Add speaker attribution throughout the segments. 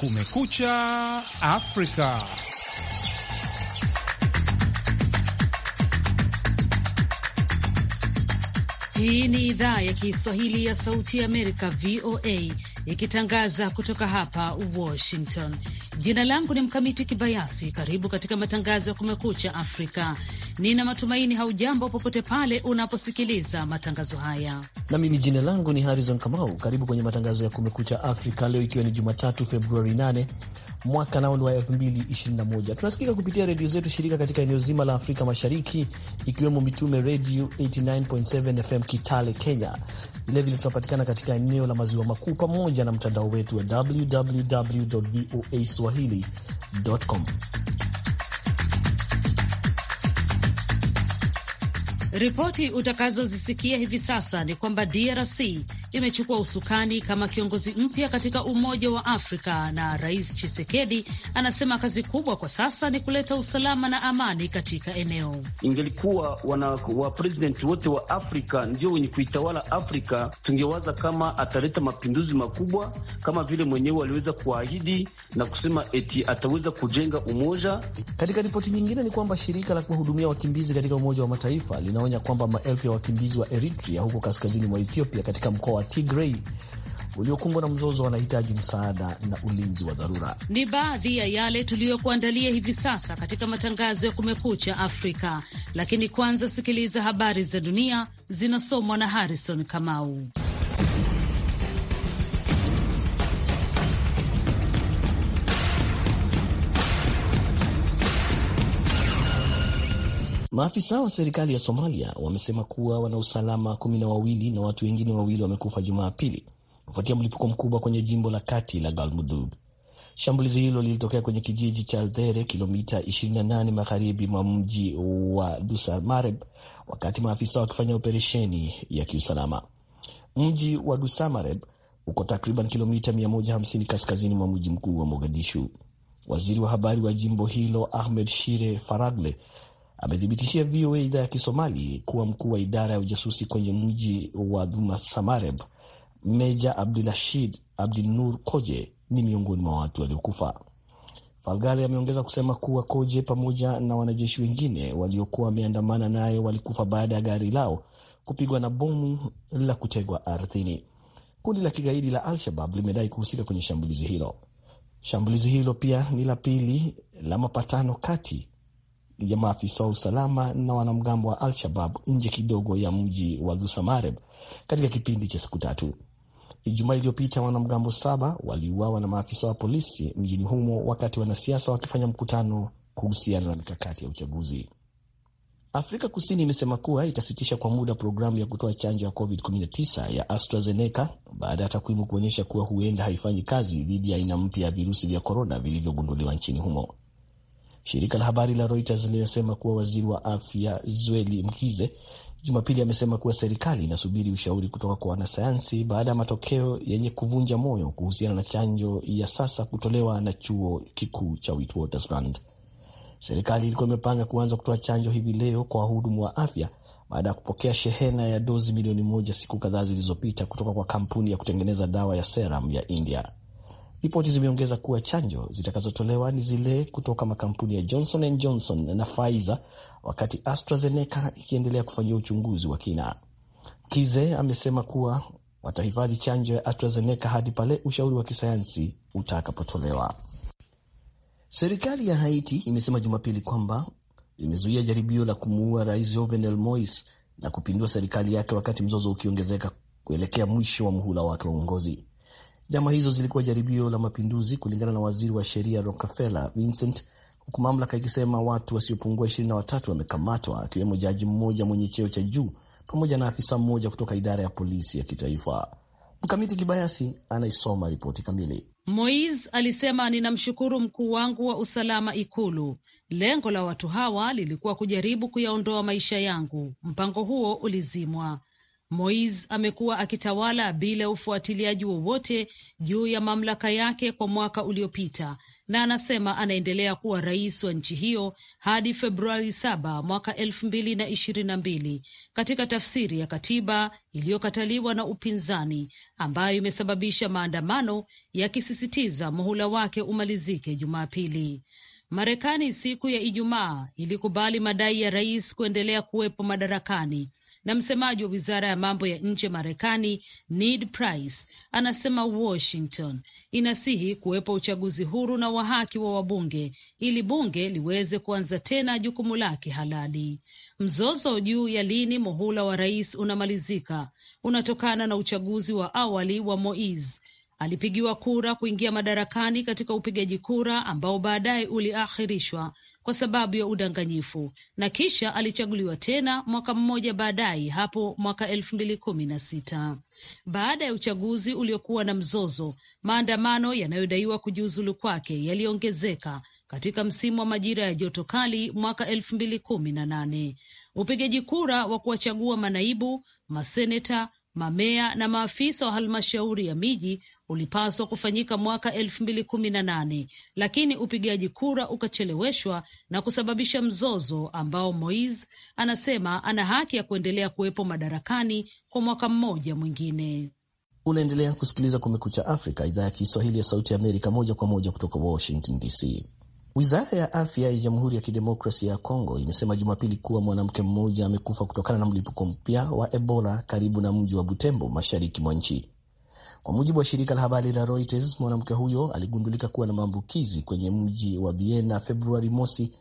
Speaker 1: Kumekucha
Speaker 2: Afrika. Hii ni idhaa ya Kiswahili ya Sauti ya Amerika, VOA, ikitangaza kutoka hapa Washington. Jina langu ni Mkamiti Kibayasi. Karibu katika matangazo ya Kumekucha Afrika. Nina matumaini haujambo popote pale unaposikiliza matangazo haya.
Speaker 3: Nami ni jina langu ni Harrison Kamau. Karibu kwenye matangazo ya Kumekucha Afrika leo ikiwa ni Jumatatu Februari 8 mwaka nao ni wa 2021. Tunasikika kupitia redio zetu shirika katika eneo zima la Afrika Mashariki, ikiwemo Mitume Redio 89.7 FM Kitale, Kenya. Vilevile tunapatikana katika eneo la maziwa makuu pamoja na mtandao wetu wa www voa swahili.com.
Speaker 2: Ripoti utakazozisikia hivi sasa ni kwamba DRC imechukua usukani kama kiongozi mpya katika Umoja wa Afrika, na Rais chisekedi anasema kazi kubwa kwa sasa ni kuleta usalama na amani katika eneo.
Speaker 4: Ingelikuwa wana wapresidenti wote wa Afrika ndio wenye kuitawala Afrika, tungewaza kama ataleta mapinduzi makubwa kama vile mwenyewe aliweza kuahidi na kusema eti ataweza kujenga umoja.
Speaker 3: Katika ripoti nyingine ni kwamba shirika la kuwahudumia wakimbizi katika Umoja wa Mataifa linaonya kwamba maelfu ya wakimbizi wa Eritrea huko kaskazini mwa Ethiopia katika mkoa wa Tigray uliokumbwa na mzozo wanahitaji msaada na ulinzi wa dharura.
Speaker 2: Ni baadhi ya yale tuliyokuandalia hivi sasa katika matangazo ya Kumekucha Afrika, lakini kwanza sikiliza habari za dunia zinasomwa na Harrison Kamau.
Speaker 3: Maafisa wa serikali ya Somalia wamesema kuwa wana usalama kumi na wawili na watu wengine wawili wamekufa Jumapili kufuatia mlipuko mkubwa kwenye jimbo la kati la Galmudug. Shambulizi hilo lilitokea kwenye kijiji cha Aldhere, kilomita 28 magharibi mwa mji wa Dusamareb, wakati maafisa wakifanya operesheni ya kiusalama. Mji wa Dusamareb uko takriban kilomita 150 kaskazini mwa mji mkuu wa Mogadishu. Waziri wa habari wa jimbo hilo Ahmed Shire Faragle amethibitishia VOA idhaa ya Kisomali kuwa mkuu wa idara ya ujasusi kwenye mji wa Samareb, Meja Abdulashid Abdinur Koje ni miongoni mwa watu waliokufa. Falgari ameongeza kusema kuwa Koje pamoja na wanajeshi wengine waliokuwa wameandamana naye walikufa baada ya gari lao kupigwa na bomu la kutegwa ardhini. Kundi la kigaidi la Al-Shabab limedai kuhusika kwenye shambulizi hilo. Shambulizi hilo pia ni la pili la mapatano kati ya maafisa wa usalama na wanamgambo wa Al-Shabab nje kidogo ya mji wa Dhusamareb katika kipindi cha siku tatu. Ijumaa iliyopita wanamgambo saba waliuawa na maafisa wa polisi mjini humo wakati wanasiasa wakifanya mkutano kuhusiana na mikakati ya uchaguzi. Afrika Kusini imesema kuwa itasitisha kwa muda programu ya kutoa chanjo ya COVID-19 ya AstraZeneca baada ya takwimu kuonyesha kuwa huenda haifanyi kazi dhidi ya aina mpya ya virusi vya korona vilivyogunduliwa nchini humo. Shirika la habari la Reuters linasema kuwa waziri wa afya Zweli Mkize Jumapili amesema kuwa serikali inasubiri ushauri kutoka kwa wanasayansi baada ya matokeo yenye kuvunja moyo kuhusiana na chanjo ya sasa kutolewa na chuo kikuu cha Witwatersrand. Serikali ilikuwa imepanga kuanza kutoa chanjo hivi leo kwa wahudumu wa afya baada ya kupokea shehena ya dozi milioni moja siku kadhaa zilizopita kutoka kwa kampuni ya kutengeneza dawa ya Serum ya India. Ripoti zimeongeza kuwa chanjo zitakazotolewa ni zile kutoka makampuni ya Johnson and Johnson na Pfizer, wakati AstraZeneca ikiendelea kufanyia uchunguzi wa kina. Kize amesema kuwa watahifadhi chanjo ya AstraZeneca hadi pale ushauri wa kisayansi utakapotolewa. Serikali ya Haiti imesema Jumapili kwamba imezuia jaribio la kumuua rais Jovenel Moise na kupindua serikali yake wakati mzozo ukiongezeka kuelekea mwisho wa muhula wake wa uongozi. Njama hizo zilikuwa jaribio la mapinduzi, kulingana na waziri wa sheria Rockefeller Vincent, huku mamlaka ikisema watu wasiopungua ishirini na watatu wamekamatwa akiwemo jaji mmoja mwenye cheo cha juu pamoja na afisa mmoja kutoka idara ya polisi ya kitaifa. Mkamiti Kibayasi anaisoma ripoti kamili.
Speaker 2: Mois alisema, ninamshukuru mkuu wangu wa usalama Ikulu. Lengo la watu hawa lilikuwa kujaribu kuyaondoa maisha yangu. Mpango huo ulizimwa mois amekuwa akitawala bila ya ufuatiliaji wowote juu ya mamlaka yake kwa mwaka uliopita na anasema anaendelea kuwa rais wa nchi hiyo hadi Februari saba mwaka elfu mbili na ishirini na mbili katika tafsiri ya katiba iliyokataliwa na upinzani ambayo imesababisha maandamano yakisisitiza muhula wake umalizike Jumapili. Marekani siku ya Ijumaa ilikubali madai ya rais kuendelea kuwepo madarakani na msemaji wa wizara ya mambo ya nje Marekani Ned Price anasema Washington inasihi kuwepo uchaguzi huru na wa haki wa wabunge ili bunge liweze kuanza tena jukumu lake halali. Mzozo juu ya lini muhula wa rais unamalizika unatokana na uchaguzi wa awali wa Moise alipigiwa kura kuingia madarakani katika upigaji kura ambao baadaye uliahirishwa kwa sababu ya udanganyifu na kisha alichaguliwa tena mwaka mmoja baadaye hapo mwaka elfu mbili kumi na sita baada ya uchaguzi uliokuwa na mzozo. Maandamano yanayodaiwa kujiuzulu kwake yaliongezeka katika msimu wa majira ya joto kali mwaka elfu mbili kumi na nane. Upigaji kura wa kuwachagua manaibu maseneta mamea na maafisa wa halmashauri ya miji ulipaswa kufanyika mwaka elfu mbili kumi na nane lakini upigaji kura ukacheleweshwa na kusababisha mzozo ambao mois anasema ana haki ya kuendelea kuwepo madarakani kwa mwaka mmoja mwingine.
Speaker 3: Unaendelea kusikiliza Kumekucha Afrika, idhaa ya Kiswahili ya Sauti ya Amerika, moja kwa moja kutoka Washington DC. Wizara ya afya ya Jamhuri ya Kidemokrasia ya Kongo imesema Jumapili kuwa mwanamke mmoja amekufa kutokana na mlipuko mpya wa Ebola karibu na mji wa Butembo, mashariki mwa nchi. Kwa mujibu wa shirika la habari la Reuters, mwanamke huyo aligundulika kuwa na maambukizi kwenye mji wa Biena Februari mosi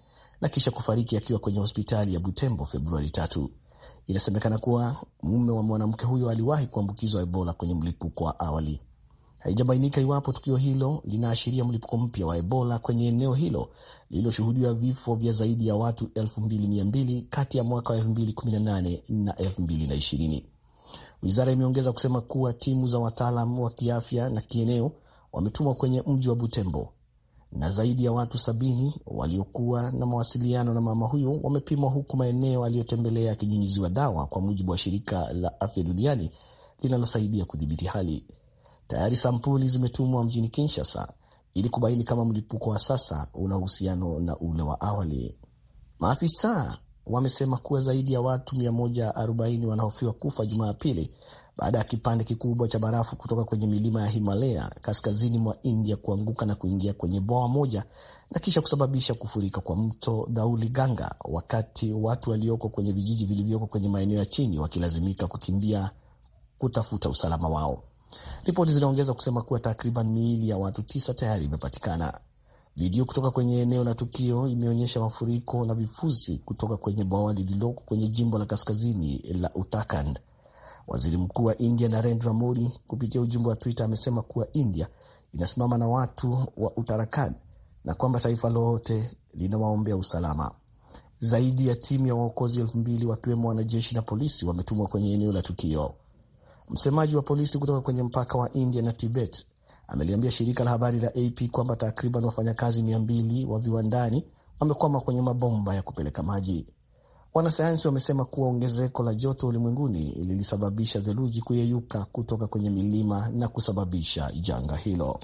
Speaker 3: na kisha kufariki akiwa kwenye hospitali ya Butembo Februari tatu. Inasemekana kuwa mume wa mwanamke huyo aliwahi kuambukizwa Ebola kwenye mlipuko wa awali. Haijabainika iwapo tukio hilo linaashiria mlipuko mpya wa Ebola kwenye eneo hilo lililoshuhudiwa vifo vya zaidi ya watu 2200 kati ya mwaka wa 2018 na 2020. Wizara imeongeza kusema kuwa timu za wataalam wa kiafya na kieneo wametumwa kwenye mji wa Butembo na zaidi ya watu sabini waliokuwa na mawasiliano na mama huyo wamepimwa huku maeneo aliyotembelea yakinyunyiziwa dawa, kwa mujibu wa shirika la afya duniani linalosaidia kudhibiti hali. Tayari sampuli zimetumwa mjini Kinshasa ili kubaini kama mlipuko wa sasa una uhusiano na ule wa awali. Maafisa wamesema kuwa zaidi ya watu 140 wanahofiwa kufa Jumapili baada ya kipande kikubwa cha barafu kutoka kwenye milima ya Himalaya kaskazini mwa India kuanguka na kuingia kwenye bwawa moja na kisha kusababisha kufurika kwa mto Dauli Ganga, wakati watu walioko kwenye vijiji vilivyoko kwenye maeneo ya chini wakilazimika kukimbia kutafuta usalama wao. Ripoti zinaongeza kusema kuwa takriban miili ya watu tisa tayari imepatikana. Video kutoka kwenye eneo la tukio imeonyesha mafuriko na vifusi kutoka kwenye bwawa lililoko kwenye jimbo la kaskazini la Uttarakhand. Waziri Mkuu wa India Narendra Modi kupitia ujumbe wa Twitter amesema kuwa India inasimama na watu wa Uttarakhand na kwamba taifa lolote linawaombea usalama. Zaidi ya timu ya waokozi elfu mbili wakiwemo wanajeshi na polisi wametumwa kwenye eneo la tukio. Msemaji wa polisi kutoka kwenye mpaka wa India na Tibet ameliambia shirika la habari la AP kwamba takriban wafanyakazi mia mbili wa viwandani wamekwama kwenye mabomba ya kupeleka maji. Wanasayansi wamesema kuwa ongezeko la joto ulimwenguni lilisababisha theluji kuyeyuka kutoka kwenye milima na kusababisha janga hilo.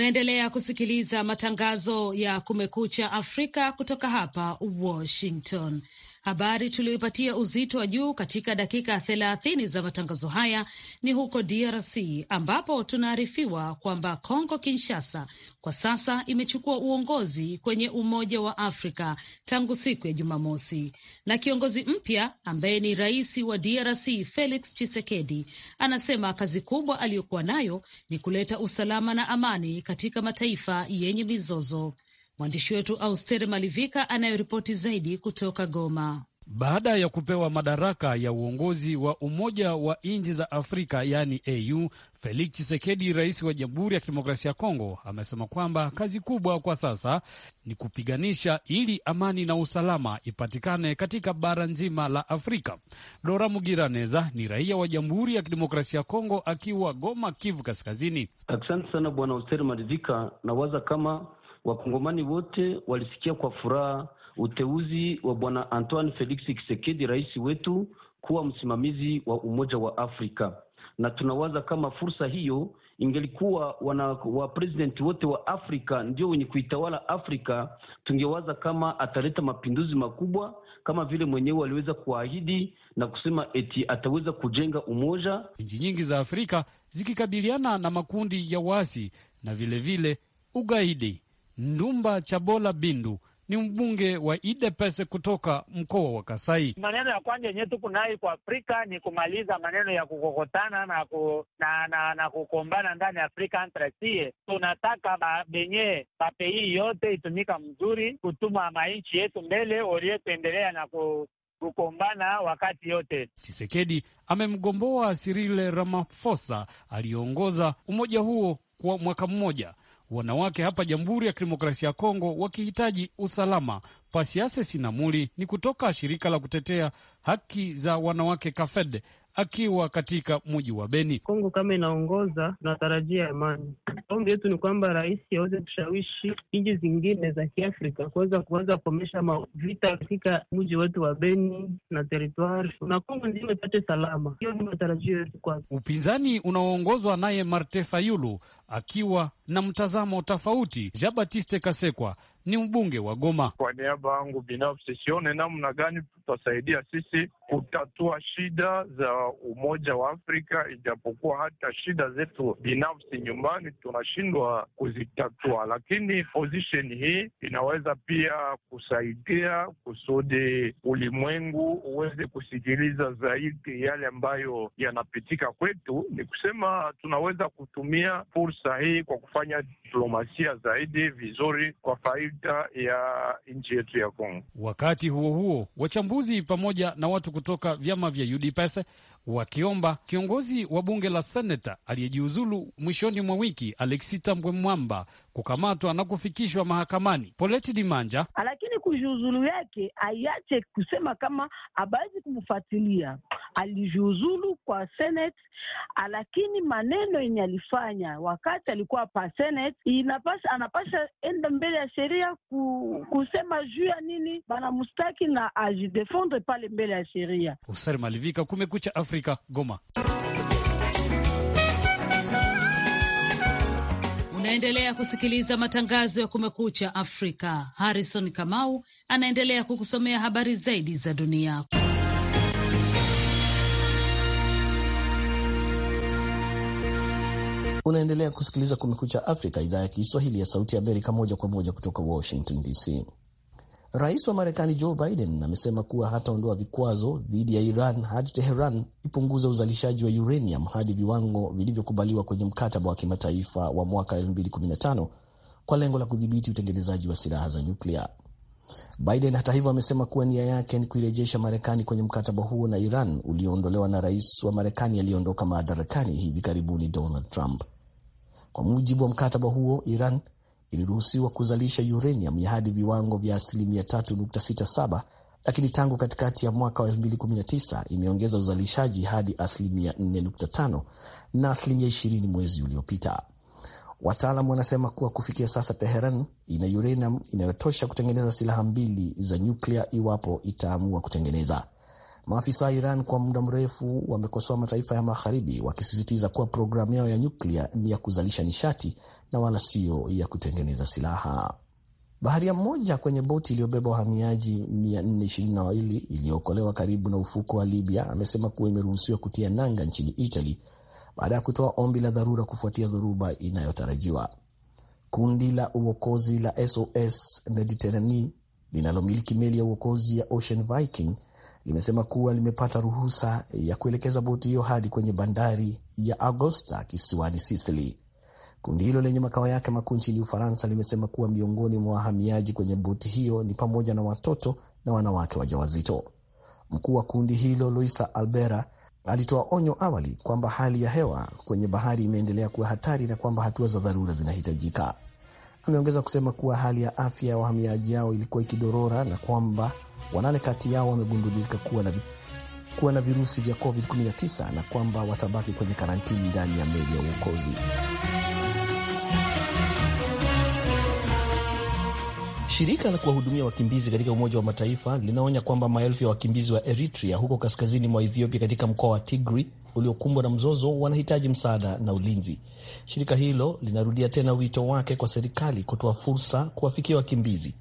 Speaker 2: Unaendelea kusikiliza matangazo ya Kumekucha Afrika kutoka hapa Washington. Habari tuliyoipatia uzito wa juu katika dakika thelathini za matangazo haya ni huko DRC ambapo tunaarifiwa kwamba congo Kinshasa kwa sasa imechukua uongozi kwenye Umoja wa Afrika tangu siku ya Jumamosi, na kiongozi mpya ambaye ni rais wa DRC Felix Tshisekedi anasema kazi kubwa aliyokuwa nayo ni kuleta usalama na amani katika mataifa yenye mizozo. Mwandishi wetu Austeri Malivika anayeripoti zaidi kutoka Goma.
Speaker 5: Baada ya kupewa madaraka ya uongozi wa Umoja wa Nchi za Afrika yaani AU, Felix Tshisekedi, rais wa Jamhuri ya Kidemokrasia ya Kongo, amesema kwamba kazi kubwa kwa sasa ni kupiganisha ili amani na usalama ipatikane katika bara nzima la Afrika. Dora Mugiraneza ni raia wa Jamhuri ya Kidemokrasia ya Kongo akiwa Goma, Kivu Kaskazini. Asante sana Bwana
Speaker 4: Hosteri Madivika. Nawaza kama Wakongomani wote walisikia kwa furaha uteuzi wa Bwana Antoine Felix Tshisekedi, rais wetu, kuwa msimamizi wa
Speaker 3: Umoja wa Afrika, na tunawaza kama fursa hiyo ingelikuwa wana wa president wote wa Afrika ndio wenye kuitawala Afrika, tungewaza kama ataleta
Speaker 5: mapinduzi makubwa kama vile mwenyewe aliweza kuahidi na kusema eti ataweza kujenga umoja. Nchi nyingi za Afrika zikikabiliana na makundi ya wasi na vilevile vile ugaidi. Ndumba Chabola Bindu ni mbunge wa idepese kutoka mkoa wa Kasai.
Speaker 4: Maneno ya kwanza yenyewe tuko nayo kwa Afrika ni kumaliza maneno ya kukokotana na, ku, na, na, na kukombana ndani ya Afrika antrasie. Tunataka benye papei yote itumika mzuri kutuma mainchi yetu mbele oriyetuendelea na ku, kukombana wakati yote.
Speaker 5: Chisekedi amemgomboa Sirile Ramafosa aliyeongoza umoja huo kwa mwaka mmoja wanawake hapa Jamhuri ya Kidemokrasia ya Kongo wakihitaji usalama. Pasiase Sinamuli ni kutoka shirika la kutetea haki za wanawake KAFED akiwa katika mji wa Beni. Kongo kama inaongoza, tunatarajia amani. Ombi
Speaker 4: yetu ni kwamba rais aweze kushawishi nchi zingine za Kiafrika kuweza kuanza kukomesha
Speaker 5: mavita katika mji wetu wa Beni na teritwari na Kongo nzima ipate salama. Hiyo ni matarajio yetu kwake. Upinzani unaoongozwa naye Marte Fayulu akiwa na mtazamo tofauti. Jean Kasekwa ni mbunge wa Goma.
Speaker 1: Kwa niaba yangu binafsi, sione namna gani tutasaidia sisi kutatua shida za Umoja wa Afrika, ijapokuwa hata shida zetu binafsi nyumbani tunashindwa kuzitatua, lakini position hii inaweza pia kusaidia kusudi ulimwengu uweze kusikiliza zaidi yale ambayo yanapitika kwetu. Ni kusema tunaweza kutumia fursa hii kwa kufanya diplomasia zaidi vizuri kwa faida sita ya nchi yetu ya Kongo.
Speaker 5: Wakati huo huo, wachambuzi pamoja na watu kutoka vyama vya UDPS wakiomba kiongozi wa bunge la seneta aliyejiuzulu mwishoni mwa wiki Alexita Mbwemwamba kukamatwa na kufikishwa mahakamani. Poleti Dimanja,
Speaker 2: lakini kujiuzulu yake aiache kusema kama abawezi kumfuatilia. Alijiuzulu kwa Senate, ah, lakini maneno yenye alifanya wakati alikuwa pa Senate inapasha, anapasha enda mbele ya sheria ku, kusema juu ya nini banamustaki na ajidefendre pale mbele ya sheria.
Speaker 5: Usari Malivika, Kumekucha Afrika, Goma.
Speaker 2: Unaendelea kusikiliza matangazo ya Kumekucha Afrika. Harrison Kamau anaendelea kukusomea habari zaidi za dunia.
Speaker 3: Unaendelea kusikiliza Kumekucha Afrika, idhaa ya Kiswahili ya Sauti ya Amerika, moja kwa moja kutoka Washington DC. Rais wa Marekani Joe Biden amesema kuwa hataondoa vikwazo dhidi ya Iran hadi Teheran ipunguza uzalishaji wa uranium hadi viwango vilivyokubaliwa kwenye mkataba wa kimataifa wa mwaka 2015 kwa lengo la kudhibiti utengenezaji wa silaha za nyuklia. Biden hata hivyo amesema kuwa nia yake ni kuirejesha Marekani kwenye mkataba huo na Iran ulioondolewa na rais wa Marekani aliyeondoka madarakani hivi karibuni Donald Trump. Kwa mujibu wa mkataba huo, Iran iliruhusiwa kuzalisha uranium ya hadi viwango vya asilimia 3.67, lakini tangu katikati ya mwaka wa 2019 imeongeza uzalishaji hadi asilimia 4.5 na asilimia 20 mwezi uliopita. Wataalam wanasema kuwa kufikia sasa Teheran ina uranium inayotosha kutengeneza silaha mbili za nyuklia iwapo itaamua kutengeneza. Maafisa wa Iran kwa muda mrefu wamekosoa mataifa ya Magharibi wakisisitiza kuwa programu yao ya nyuklia ni ya kuzalisha nishati na wala sio ya kutengeneza silaha. Baharia mmoja kwenye boti iliyobeba wahamiaji 422 iliyookolewa karibu na ufuko wa Libya amesema kuwa imeruhusiwa kutia nanga nchini Italy baada ya kutoa ombi la dharura kufuatia dhoruba inayotarajiwa. Kundi la uokozi la SOS Mediterranee linalomiliki meli ya uokozi ya Ocean Viking limesema kuwa limepata ruhusa ya kuelekeza boti hiyo hadi kwenye bandari ya Agosta kisiwani Sisili. Kundi hilo lenye makao yake makuu nchini Ufaransa limesema kuwa miongoni mwa wahamiaji kwenye boti hiyo ni pamoja na watoto na wanawake wajawazito. Mkuu wa kundi hilo Luisa Albera alitoa onyo awali kwamba hali ya hewa kwenye bahari imeendelea kuwa hatari na kwamba hatua za dharura zinahitajika. Ameongeza kusema kuwa hali ya afya ya wahamiaji hao ilikuwa ikidorora na kwamba wanane kati yao wamegundulika kuwa na, kuwa na virusi vya COVID-19 na kwamba watabaki kwenye karantini ndani ya meli ya uokozi. Shirika la kuwahudumia wakimbizi katika Umoja wa Mataifa linaonya kwamba maelfu ya wakimbizi wa Eritrea huko kaskazini mwa Ethiopia katika mkoa wa Tigri uliokumbwa na mzozo wanahitaji msaada na ulinzi. Shirika hilo linarudia tena wito wake kwa serikali kutoa fursa kuwafikia wakimbizi.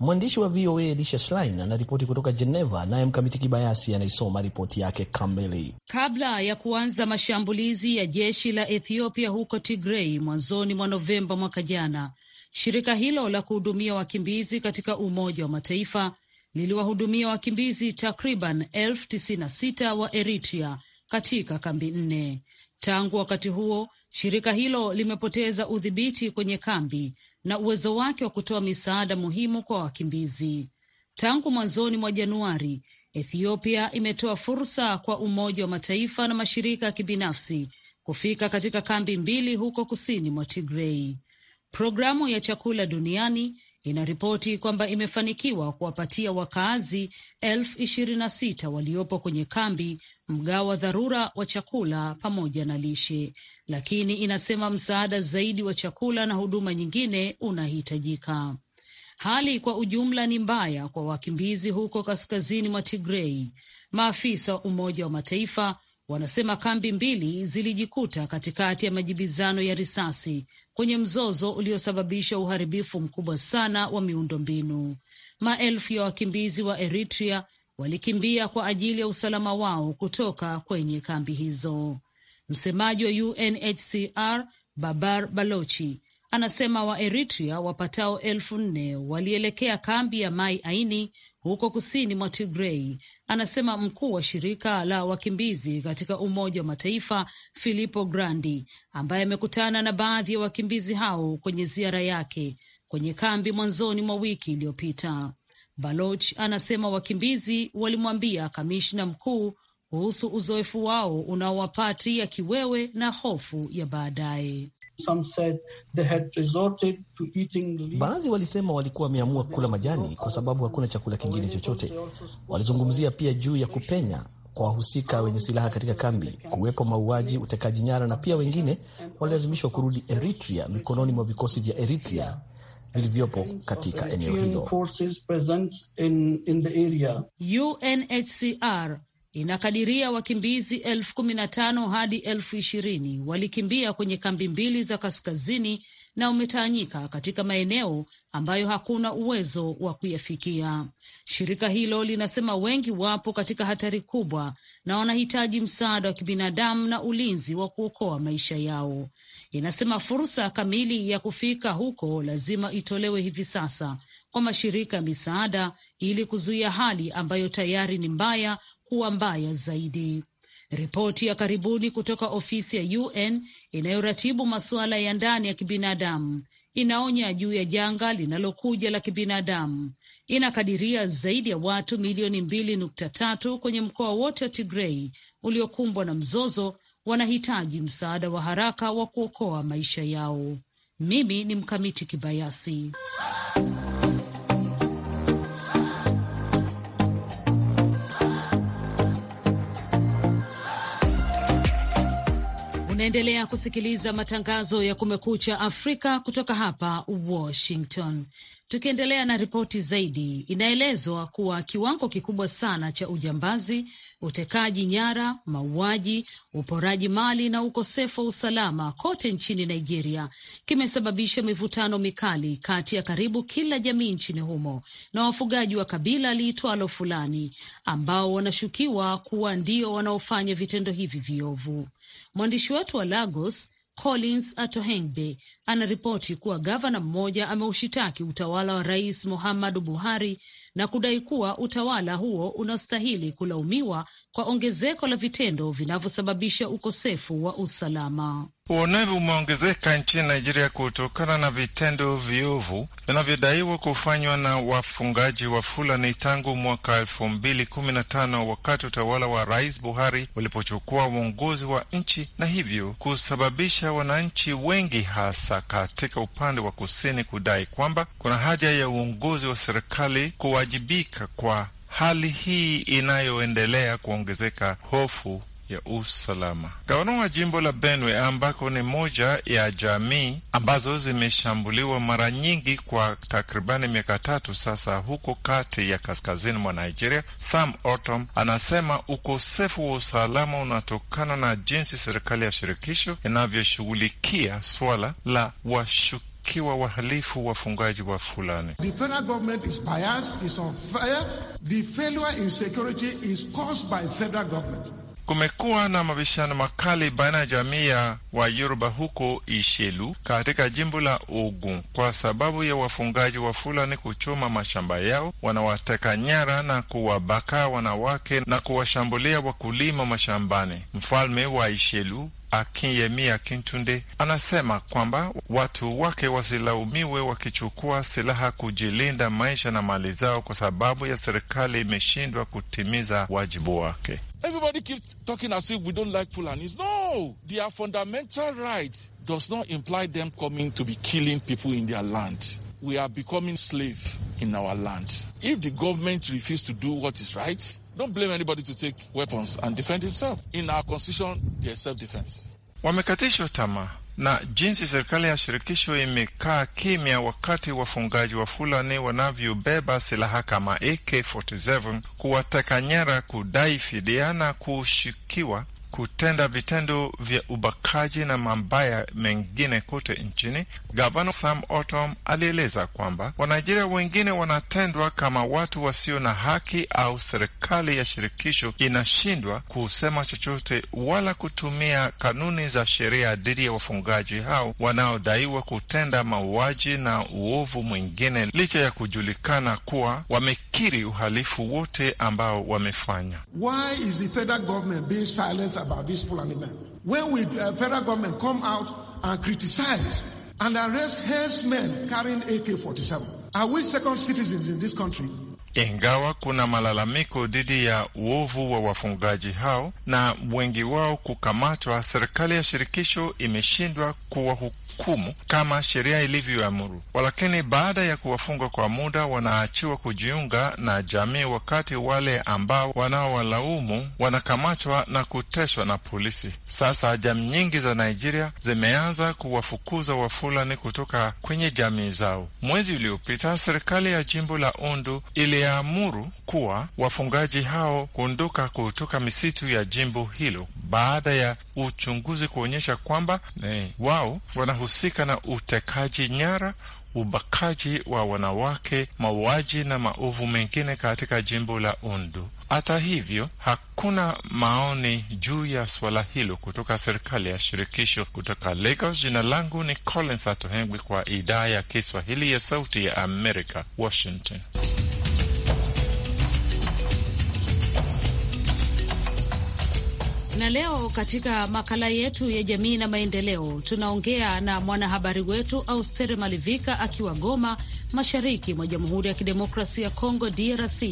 Speaker 3: Mwandishi wa VOA Elisha Schlein anaripoti kutoka Jeneva, naye Mkamiti Kibayasi anaisoma ripoti yake kamili.
Speaker 2: Kabla ya kuanza mashambulizi ya jeshi la Ethiopia huko Tigrei mwanzoni mwa Novemba mwaka jana, shirika hilo la kuhudumia wakimbizi katika Umoja wa Mataifa liliwahudumia wakimbizi takriban elfu tisini na sita wa Eritrea katika kambi nne. Tangu wakati huo shirika hilo limepoteza udhibiti kwenye kambi na uwezo wake wa kutoa misaada muhimu kwa wakimbizi. Tangu mwanzoni mwa Januari, Ethiopia imetoa fursa kwa Umoja wa Mataifa na mashirika ya kibinafsi kufika katika kambi mbili huko kusini mwa Tigrei. Programu ya chakula duniani inaripoti kwamba imefanikiwa kuwapatia wakaazi elfu ishirini na sita waliopo kwenye kambi mgao wa dharura wa chakula pamoja na lishe, lakini inasema msaada zaidi wa chakula na huduma nyingine unahitajika. Hali kwa ujumla ni mbaya kwa wakimbizi huko kaskazini mwa Tigrei. Maafisa wa Umoja wa Mataifa Wanasema kambi mbili zilijikuta katikati ya majibizano ya risasi kwenye mzozo uliosababisha uharibifu mkubwa sana wa miundombinu. Maelfu ya wakimbizi wa Eritrea walikimbia kwa ajili ya usalama wao kutoka kwenye kambi hizo. Msemaji wa UNHCR Babar Balochi anasema Waeritrea wapatao elfu nne walielekea kambi ya Mai Aini huko kusini mwa Tigrei, anasema mkuu wa shirika la wakimbizi katika Umoja wa Mataifa Filippo Grandi, ambaye amekutana na baadhi ya wakimbizi hao kwenye ziara yake kwenye kambi mwanzoni mwa wiki iliyopita. Baloch anasema wakimbizi walimwambia kamishna mkuu kuhusu uzoefu wao unaowapatia kiwewe na hofu ya baadaye.
Speaker 3: Baadhi walisema walikuwa wameamua kula majani kwa sababu hakuna chakula kingine chochote. Walizungumzia pia juu ya kupenya kwa wahusika wenye silaha katika kambi, kuwepo mauaji, utekaji nyara, na pia wengine walilazimishwa kurudi Eritrea mikononi mwa vikosi vya Eritrea vilivyopo katika eneo hilo.
Speaker 2: UNHCR inakadiria wakimbizi elfu kumi na tano hadi elfu ishirini walikimbia kwenye kambi mbili za kaskazini na umetaanyika katika maeneo ambayo hakuna uwezo wa kuyafikia. Shirika hilo linasema wengi wapo katika hatari kubwa na wanahitaji msaada wa kibinadamu na ulinzi wa kuokoa maisha yao. Inasema fursa kamili ya kufika huko lazima itolewe hivi sasa kwa mashirika ya misaada ili kuzuia hali ambayo tayari ni mbaya kuwa mbaya zaidi. Ripoti ya karibuni kutoka ofisi ya UN inayoratibu masuala ya ndani ya kibinadamu inaonya juu ya janga linalokuja la kibinadamu. Inakadiria zaidi ya watu milioni mbili nukta tatu kwenye mkoa wote wa Tigrei uliokumbwa na mzozo wanahitaji msaada wa haraka wa kuokoa maisha yao. Mimi ni Mkamiti Kibayasi. Unaendelea kusikiliza matangazo ya Kumekucha Afrika kutoka hapa Washington. Tukiendelea na ripoti zaidi, inaelezwa kuwa kiwango kikubwa sana cha ujambazi, utekaji nyara, mauaji, uporaji mali na ukosefu wa usalama kote nchini Nigeria kimesababisha mivutano mikali kati ya karibu kila jamii nchini humo na wafugaji wa kabila liitwalo Fulani ambao wanashukiwa kuwa ndio wanaofanya vitendo hivi viovu. Mwandishi wetu wa Lagos Collins Atohengbe anaripoti kuwa gavana mmoja ameushitaki utawala wa Rais Muhammadu Buhari na kudai kuwa utawala huo unastahili kulaumiwa kwa ongezeko la vitendo vinavyosababisha ukosefu wa usalama.
Speaker 1: Uonevu umeongezeka nchini Nigeria kutokana na vitendo viovu vinavyodaiwa kufanywa na wafungaji wa Fulani tangu mwaka elfu mbili kumi na tano wakati utawala wa Rais Buhari ulipochukua uongozi wa nchi na hivyo kusababisha wananchi wengi hasa katika upande wa kusini kudai kwamba kuna haja ya uongozi wa serikali kuwajibika kwa hali hii inayoendelea kuongezeka hofu ya usalama. Gavana wa jimbo la Benwe ambako ni moja ya jamii ambazo zimeshambuliwa mara nyingi kwa takribani miaka tatu sasa, huko kati ya kaskazini mwa Nigeria, Sam Ortom anasema ukosefu wa usalama unatokana na jinsi serikali ya shirikisho inavyoshughulikia swala la washukiwa kiwa wahalifu wafungaji wa fulani. The federal government is biased, is unfair. The failure in security is caused by federal government. Kumekuwa na mabishano makali baina ya jamii ya Wayoruba huko Ishelu katika jimbo la Ogun kwa sababu ya wafungaji wa Fulani kuchoma mashamba yao, wanawateka nyara na kuwabaka wanawake na kuwashambulia wakulima mashambani. Mfalme wa Ishelu Akinyemi Akintunde anasema kwamba watu wake wasilaumiwe wakichukua silaha kujilinda maisha na mali zao, kwa sababu ya serikali imeshindwa kutimiza wajibu wake. Everybody keeps talking as if we don't like Fulanis. No, their fundamental right does not imply them coming to be killing people in their land. We are becoming slave in our land. If the government refuses to do what is right, don't blame anybody to take weapons and defend himself. In our constitution, there's self-defense. na jinsi serikali ya shirikisho imekaa kimya wakati wafungaji wa Fulani wanavyobeba silaha kama AK47 kuwateka nyara, kudai fidia na kushikiwa kutenda vitendo vya ubakaji na mabaya mengine kote nchini. Gavana Sam Otom alieleza kwamba Wanaijeria wengine wanatendwa kama watu wasio na haki au serikali ya shirikisho inashindwa kusema chochote wala kutumia kanuni za sheria dhidi ya wafungaji hao wanaodaiwa kutenda mauaji na uovu mwingine licha ya kujulikana kuwa wamekiri uhalifu wote ambao wamefanya. Why is the federal government being silent? about this Fulani men. When we, uh, federal government come out and criticize and arrest herdsmen carrying AK-47, are we second citizens in this country? Ingawa kuna malalamiko dhidi ya uovu wa wafungaji hao na wengi wao kukamatwa, serikali ya shirikisho imeshindwa kuwahukumu hukumu kama sheria ilivyoamuru, walakini baada ya kuwafunga kwa muda wanaachiwa kujiunga na jamii, wakati wale ambao wanaowalaumu wanakamatwa na kuteswa na polisi. Sasa jamii nyingi za Nigeria zimeanza kuwafukuza Wafulani kutoka kwenye jamii zao. Mwezi uliopita, serikali ya jimbo la Ondo iliamuru kuwa wafungaji hao kuondoka kutoka misitu ya jimbo hilo baada ya uchunguzi kuonyesha kwamba eh, wao wana wanahusika na utekaji nyara, ubakaji wa wanawake, mauaji na maovu mengine katika jimbo la Undu. Hata hivyo, hakuna maoni juu ya suala hilo kutoka serikali ya shirikisho. Kutoka Lagos, jina langu ni Collins Atohengwi kwa idhaa ya Kiswahili ya Sauti ya Amerika, Washington.
Speaker 2: Na leo katika makala yetu ya jamii na maendeleo tunaongea na mwanahabari wetu Austere Malivika akiwa Goma, mashariki mwa Jamhuri ya Kidemokrasia ya Kongo, DRC,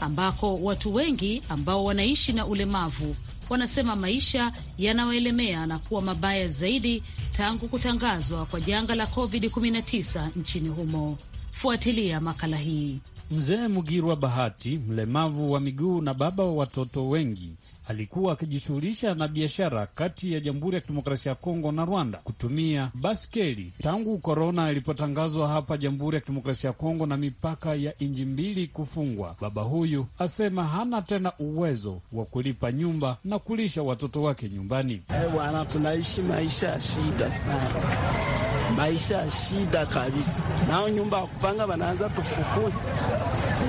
Speaker 2: ambako watu wengi ambao wanaishi na ulemavu wanasema maisha yanawaelemea na kuwa mabaya zaidi tangu kutangazwa kwa janga la COVID-19 nchini humo. Fuatilia makala hii.
Speaker 5: Mzee Mugirwa Bahati, mlemavu wa miguu na baba wa watoto wengi, alikuwa akijishughulisha na biashara kati ya Jamhuri ya Kidemokrasia ya Kongo na Rwanda kutumia baskeli tangu korona ilipotangazwa hapa Jamhuri ya Kidemokrasia ya Kongo na mipaka ya nchi mbili kufungwa. Baba huyu asema hana tena uwezo wa kulipa nyumba na kulisha watoto wake nyumbani. Hey, eh, wana tunaishi maisha ya shida sana maisha
Speaker 4: shida kabisa, nao nyumba ya kupanga wanaanza kufukuza.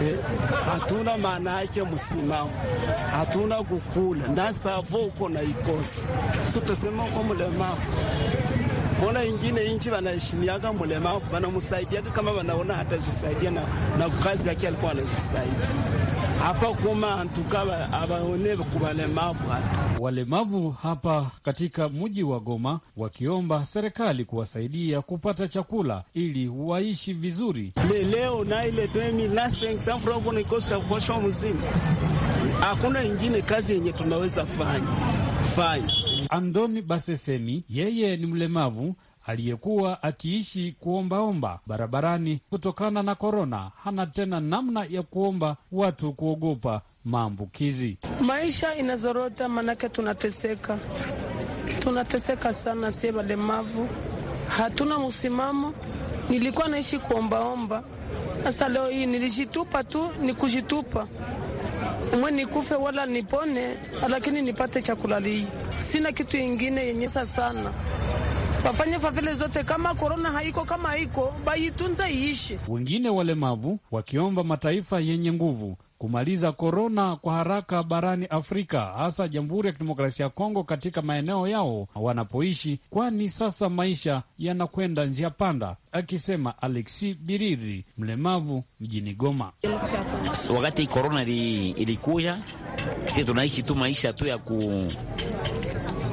Speaker 4: Eh, hatuna maana yake msimamo, hatuna kukula na savo uko na ikosi so tusema uko mlemavu. Mbona ingine inchi wanaheshimiaga mlemavu, wanamusaidiaga kama wanaona jisaidia na, na kazi yake alikuwa anajisaidia hapa kuma antuka abaone kubalemavu
Speaker 5: walemavu hapa katika mji wa Goma wakiomba serikali kuwasaidia kupata chakula
Speaker 4: ili waishi vizuri. Leo na ile lasting ikosha kosha mzima, hakuna ingine kazi yenye tunaweza fanya
Speaker 5: fanya. Andoni Basesemi yeye ni mlemavu aliyekuwa akiishi kuombaomba barabarani kutokana na korona hana tena namna ya kuomba watu kuogopa maambukizi. Maisha inazorota, maanake tunateseka,
Speaker 4: tunateseka sana, sie walemavu hatuna msimamo. Nilikuwa naishi kuombaomba, sasa leo hii nilijitupa tu, ni kujitupa umwe nikufe wala nipone, lakini nipate chakula. Lii sina kitu ingine yenyesa sana wafanye favele zote, kama korona haiko kama haiko baitunze iishi.
Speaker 5: Wengine walemavu wakiomba mataifa yenye nguvu kumaliza korona kwa haraka barani Afrika, hasa Jamhuri ya Kidemokrasia ya Kongo katika maeneo yao wanapoishi, kwani sasa maisha yanakwenda njia panda, akisema Alexi Biriri, mlemavu mjini Goma. Wakati
Speaker 4: korona ilikuya, si tunaishi tu maisha tu ya ku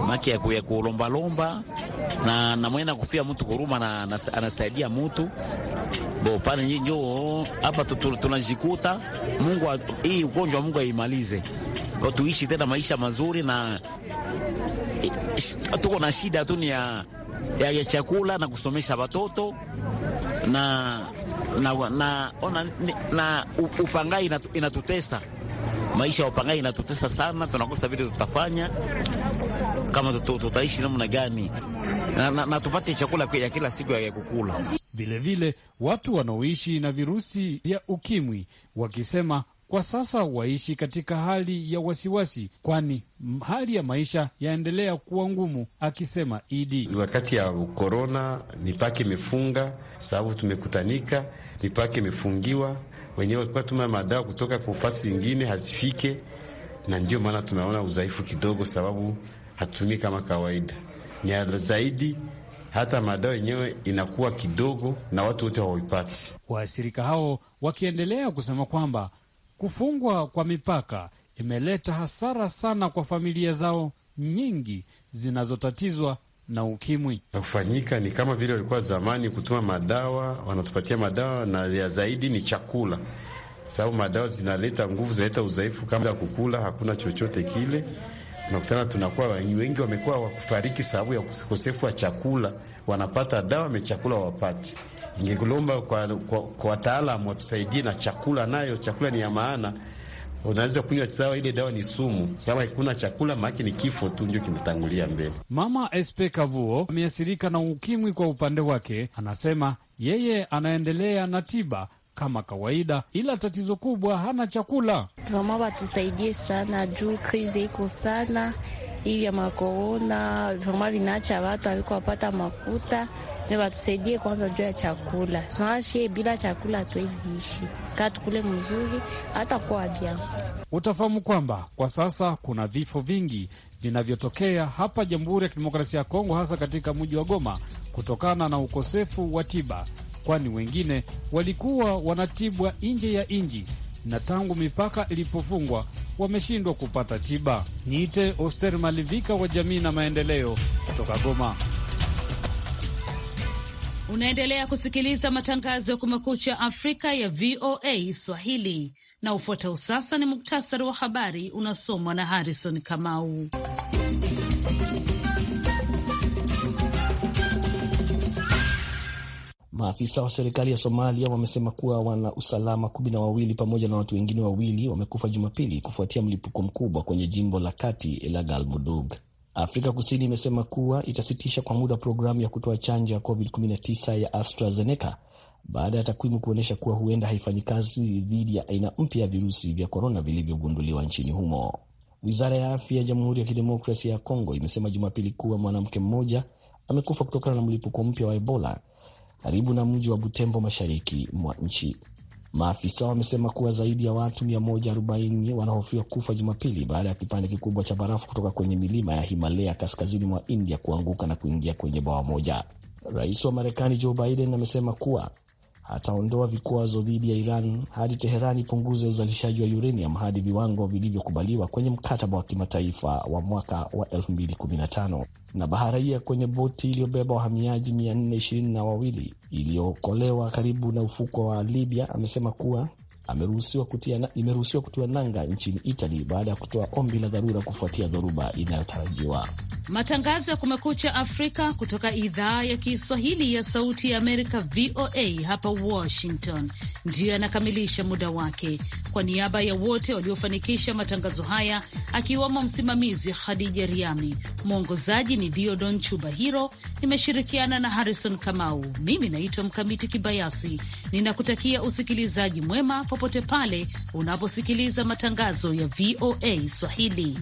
Speaker 4: maki ya kulombalomba na namwena kufia mtu huruma na, na, anasaidia mtu bo pale njoo hapa tunajikuta. Mungu hii ugonjwa Mungu aimalize, tuishi tena maisha mazuri, na eh, tuko na shida tu ni ya, ya, ya chakula na kusomesha watoto na, na, na, na, na upangai inatutesa maisha ya upangai inatutesa sana, tunakosa vile tutafanya kama tutaishi namna gani na, na, na tupate chakula ya kila siku ya kukula.
Speaker 5: Vilevile watu wanaoishi na virusi vya ukimwi wakisema kwa sasa waishi katika hali ya wasiwasi, kwani hali ya maisha yaendelea kuwa ngumu. Akisema Idi, wakati
Speaker 4: ya korona mipaka imefunga, sababu tumekutanika, mipaka imefungiwa, wenyewe walikuwa tuma madawa kutoka kwa ufasi zingine hazifike, na ndio maana tunaona udhaifu kidogo, sababu hatumi kama kawaida, ni zaidi hata madawa yenyewe inakuwa kidogo
Speaker 5: na watu wote hawaipati. Waathirika hao wakiendelea kusema kwamba kufungwa kwa mipaka imeleta hasara sana kwa familia zao nyingi zinazotatizwa na ukimwi.
Speaker 4: Kufanyika ni kama vile walikuwa zamani kutuma madawa, wanatupatia madawa na ya zaidi ni chakula, sababu madawa zinaleta nguvu, zinaleta udhaifu, kama kukula hakuna chochote kile nakutana tunakuwa wengi wamekuwa wakufariki sababu ya ukosefu wa chakula, wanapata dawa amechakula wapati. Ingekulomba kwa, kwa, kwa wataalamu watusaidie na chakula, nayo chakula ni ya maana. Unaweza kunywa dawa, ile dawa ni sumu. Kama hakuna chakula, maake ni kifo tu ndio kimetangulia
Speaker 5: mbele. Mama Espe Kavuo ameathirika na ukimwi. Kwa upande wake, anasema yeye anaendelea na tiba kama kawaida, ila tatizo kubwa hana chakula.
Speaker 2: Mama watusaidie sana juu krizi iko sana hivi ya makorona, vama vinaacha watu wapata mafuta watusaidie kwanza juu ya chakula. Tunashie bila chakula hatuwezi ishi, kaa tukule mzuri hata kuwa bia.
Speaker 5: Utafahamu kwamba kwa sasa kuna vifo vingi vinavyotokea hapa Jamhuri ya Kidemokrasia ya Kongo, hasa katika mji wa Goma kutokana na ukosefu wa tiba kwani wengine walikuwa wanatibwa nje ya nji na tangu mipaka ilipofungwa wameshindwa kupata tiba. Niite Oster Malivika wa jamii na maendeleo kutoka Goma.
Speaker 2: Unaendelea kusikiliza matangazo ya Kumekucha Afrika ya VOA Swahili na ufuatao sasa ni muktasari wa habari unasomwa na Harrison Kamau.
Speaker 3: Maafisa wa serikali ya Somalia wamesema kuwa wana usalama kumi na wawili pamoja na watu wengine wawili wamekufa Jumapili kufuatia mlipuko mkubwa kwenye jimbo la kati la Galmudug. Afrika Kusini imesema kuwa itasitisha kwa muda programu ya kutoa chanjo ya COVID-19 ya AstraZeneca baada ya takwimu kuonyesha kuwa huenda haifanyi kazi dhidi ya aina mpya ya virusi vya korona vilivyogunduliwa nchini humo. Wizara ya afya ya Jamhuri ya Kidemokrasia ya Kongo imesema Jumapili kuwa mwanamke mmoja amekufa kutokana na mlipuko mpya wa Ebola karibu na mji wa Butembo, mashariki mwa nchi. Maafisa wamesema kuwa zaidi ya watu 140 wanahofiwa kufa Jumapili baada ya kipande kikubwa cha barafu kutoka kwenye milima ya Himalaya kaskazini mwa India kuanguka na kuingia kwenye bawa moja. Rais wa Marekani Joe Biden amesema kuwa ataondoa vikwazo dhidi ya Iran hadi Teheran ipunguze uzalishaji wa uranium hadi viwango vilivyokubaliwa kwenye mkataba wa kimataifa wa mwaka wa 2015. Na baharaia kwenye boti iliyobeba wahamiaji 422 iliyookolewa karibu na ufukwa wa Libya amesema kuwa ameruhusiwa kutia, imeruhusiwa kutia nanga nchini Italy baada ya kutoa ombi la dharura kufuatia dhoruba inayotarajiwa.
Speaker 2: Matangazo ya Kumekucha Afrika kutoka idhaa ya Kiswahili ya Sauti ya Amerika, VOA hapa Washington, ndiyo yanakamilisha muda wake. Kwa niaba ya wote waliofanikisha matangazo haya, akiwemo msimamizi Khadija Riami, mwongozaji ni Diodon Chubahiro, nimeshirikiana na Harrison Kamau. Mimi naitwa Mkamiti Kibayasi, ninakutakia usikilizaji mwema popote pale unaposikiliza matangazo ya VOA Swahili.